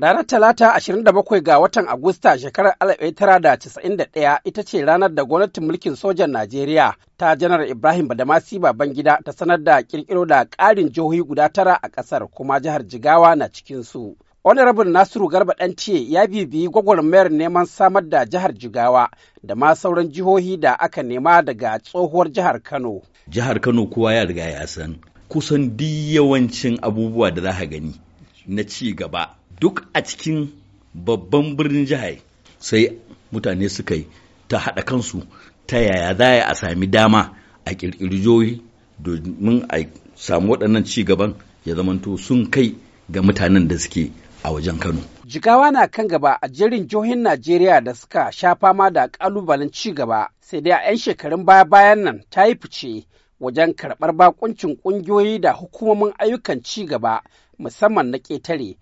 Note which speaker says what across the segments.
Speaker 1: Ranar Talata 27 ga watan Agusta shekarar 1991 ita ce ranar da gwamnatin mulkin sojan Najeriya ta janar Ibrahim Badamasi Babangida ta sanar da kirkiro da ƙarin jihohi guda tara a ƙasar kuma jihar Jigawa na cikinsu. Honorable Nasiru Garba Dantiye ya bibiyi gwagwarmayar neman samar da jihar Jigawa da ma sauran jihohi da aka nema daga tsohuwar jihar Kano.
Speaker 2: Jihar Kano kowa ya riga ya san kusan duk yawancin abubuwa da za gani na ci gaba duk a cikin babban birnin jihar sai mutane suka yi ta haɗa kansu ta yaya za a sami dama a ƙirƙiri jihohi domin a samu waɗannan ci gaban ya zamanto sun kai ga mutanen da suke a wajen Kano.
Speaker 1: Jigawa na kan gaba a jerin jihohin Najeriya da suka sha fama da ƙalubalen ci gaba sai dai a 'yan shekarun baya-bayan nan ta yi fice wajen karɓar bakuncin ƙungiyoyi da hukumomin ayyukan ci gaba musamman na ƙetare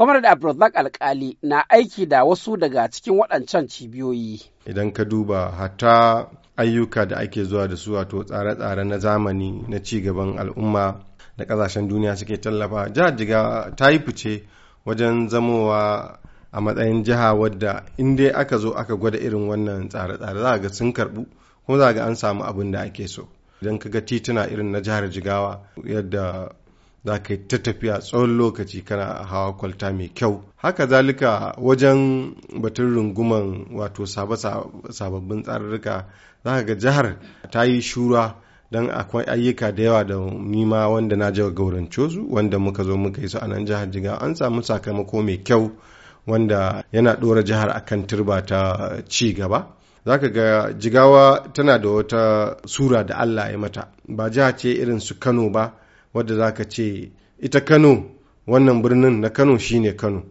Speaker 1: Comrade Abdulrazak Alkali na aiki da wasu daga cikin waɗancan cibiyoyi.
Speaker 3: Idan ka duba hata ayyuka da ake zuwa da su wato tsare-tsare na zamani na ci gaban al'umma da ƙasashen duniya suke tallafa jihar jiga ta yi fice wajen zamowa a matsayin jiha wadda in dai aka zo aka gwada irin wannan tsare-tsare za ga sun karɓu kuma za ga an samu abin da ake so. idan ka ga tituna irin na jihar jigawa yadda za ka yi ta tafiya tsawon lokaci kana hawa kwalta mai kyau haka zalika wajen batun runguman wato sababbin tsarurruka za ka ga jihar ta yi shura don akwai ayyuka da yawa da nima wanda na ji gaurance su wanda muka zo muka yi su a nan jihar jiga an samu sakamako mai kyau wanda yana ɗora jihar akan turba ta ci gaba zaka ga jigawa tana da wata sura da allah ya mata ba jiha ce irin su kano ba wadda za ka ce ita kano wannan birnin na kano shine kano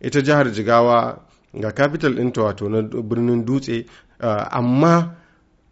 Speaker 3: ita jihar jigawa ga capital ɗinta wato na birnin dutse uh, amma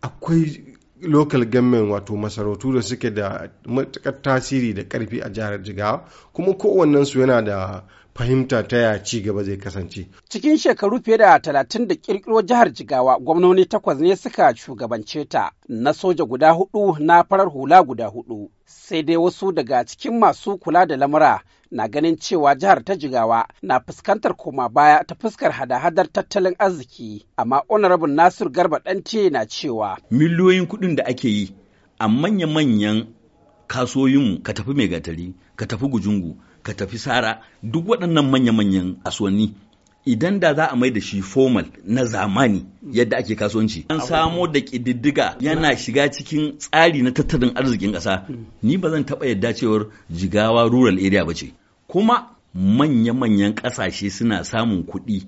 Speaker 3: akwai local government wato masarautu da suke da matukar tasiri da karfi a jihar jigawa kuma su yana da fahimta ta ya ci gaba zai kasance. Cikin shekaru fiye da talatin da kirkiro jihar Jigawa gwamnoni takwas
Speaker 1: ne suka shugabance ta na soja guda hudu na farar hula guda hudu sai dai wasu daga cikin masu kula da lamura na ganin cewa jihar ta jigawa na fuskantar koma baya ta fuskar hada-hadar tattalin arziki amma honorable nasir garba
Speaker 2: ɗante na cewa miliyoyin kuɗin da ake yi a manya-manyan kasoyin ka tafi mai gatari ka tafi gujungu ka tafi sara duk waɗannan manya-manyan kasuwanni idan da za a mai da shi formal na zamani yadda ake kasuwanci an samo da ƙididdiga yana shiga cikin tsari na tattalin arzikin ƙasa ni ba zan taɓa yadda cewar jigawa rural area ba ce kuma manya-manyan ƙasashe suna samun kuɗi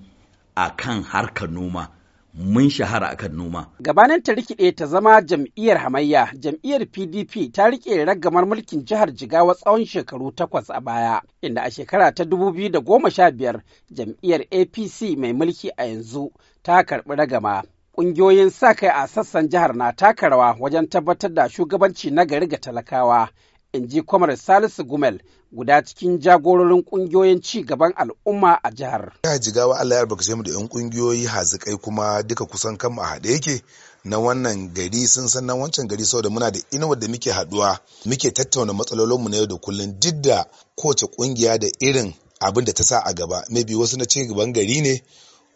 Speaker 2: a kan harkar noma mun shahara akan noma.
Speaker 1: Gabanin ta rikide ta zama jam'iyyar hamayya, jam'iyyar PDP ta rike ragamar mulkin jihar Jigawa tsawon shekaru takwas a baya, inda a shekara ta 2015 jam'iyyar APC mai mulki a yanzu ta karɓi ragama. Ƙungiyoyin sa kai a sassan jihar na taka rawa wajen tabbatar da shugabanci na gari ga talakawa, in ji kwamar salisu gumel guda cikin jagororin kungiyoyin ci gaban al'umma a jihar.
Speaker 3: Ya jigawa Allah ya albarkace mu da 'yan kungiyoyi hazikai kuma duka kusan kan a haɗe yake na wannan gari sun san na wancan gari saboda muna da inuwar da muke haɗuwa muke tattauna matsalolinmu na yau da kullum duk da kowace kungiya da irin abin da ta sa a gaba maybe wasu na ci gaban gari ne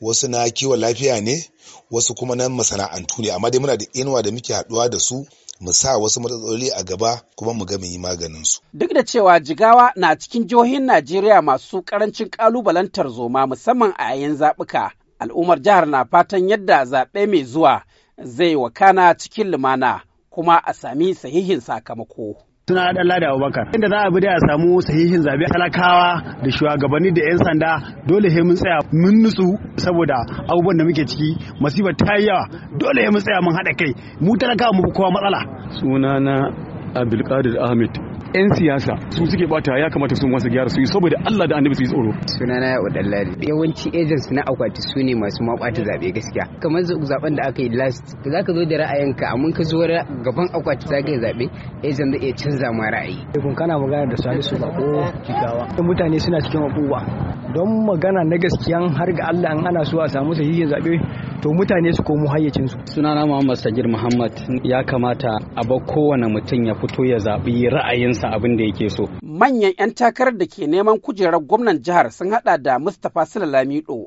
Speaker 3: wasu na kiwon lafiya ne wasu kuma na masana'antu ne amma dai muna da inuwa da muke haɗuwa da su mu sa wasu matsaloli a gaba kuma mu ga mu yi maganin su.
Speaker 1: Duk da cewa Jigawa na cikin jihohin Najeriya masu karancin kalubalen tarzoma musamman a yayin zaɓuka, al'ummar jihar na fatan yadda zaɓe mai zuwa zai wakana cikin lumana kuma a sami sahihin sakamako. suna da Allah da Abubakar inda za a bi da a samu sahihin zabe talakawa da shugabanni da 'yan sanda dole he mun tsaya mun nutsu saboda abubuwan da muke ciki masibar ta yi yawa dole he mun tsaya mun haɗa kai mu talakawa mu kowa matsala
Speaker 3: sunana Abdulkadir Ahmed 'yan siyasa su suke bata ya kamata su masu gyara su yi saboda Allah da annabi su yi tsoro sunana ya udallari
Speaker 1: yawanci agents na akwati su ne masu mabata zabe gaskiya kamar zaben da aka yi last zaka zo da ra'ayinka amma ka zo gaban akwati zaka yi zabe agent zai iya canza ma ra'ayi
Speaker 2: kun kana magana da Salisu Bako Jigawa mutane suna cikin abubuwa don magana na gaskiyan har ga Allah an ana su a samu sahihin zabe to mutane su komo hayyacin su sunana
Speaker 1: Muhammad Sagir Muhammad ya kamata a bar kowane mutum ya fito ya zaɓi ra'ayinsa
Speaker 2: abin da yake so
Speaker 1: manyan 'yan takarar da ke neman kujerar gwamnan jihar sun hada da Mustapha Sula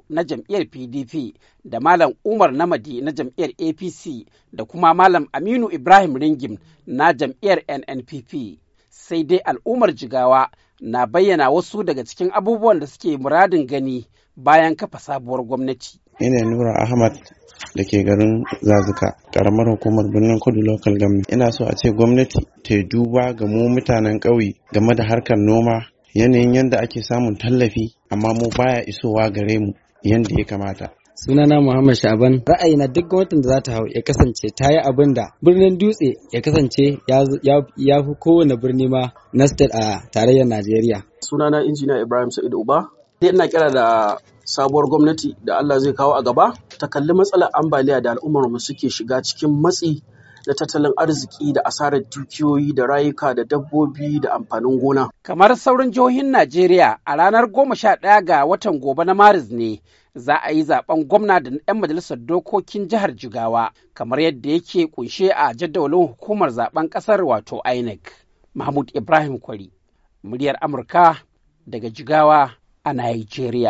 Speaker 1: na jam'iyyar PDP da Malam Umar Namadi na jam'iyyar APC da kuma Malam Aminu Ibrahim Ringim na jam'iyyar NNPP sai dai al'ummar jigawa na bayyana wasu daga cikin abubuwan da suke muradin gani bayan kafa sabuwar gwamnati. Ina nura ahmad da ke garin zazuka karamar hukumar birnin kudu local government ina so a ce gwamnati ta yi duba ga mu mutanen ƙauye game da harkar noma yanayin yadda ake samun tallafi amma mu baya isowa gare mu yadda ya kamata sunana Muhammad Sha'ban ra'ayi na duk gwamnatin da za ta hau ya kasance ta yi abin da birnin dutse ya kasance ya fi kowane birni ma na state a tarayyar Najeriya sunana injiniya Ibrahim Sa'id Uba ina kira da sabuwar gwamnati da Allah zai kawo a gaba ta kalli matsalar ambaliya da mu suke shiga cikin matsi da tattalin arziki da asarar dukiyoyi da rayuka da dabbobi da amfanin gona. Kamar sauran jihohin Najeriya a ranar goma sha ɗaya ga watan gobe na Maris ne za a yi zaben gwamna da 'yan majalisar dokokin jihar Jigawa kamar yadda yake kunshe a jadawalin hukumar zaben ƙasar wato INEC. Mahmud Ibrahim Kwari, muryar Amurka daga Jigawa a Najeriya.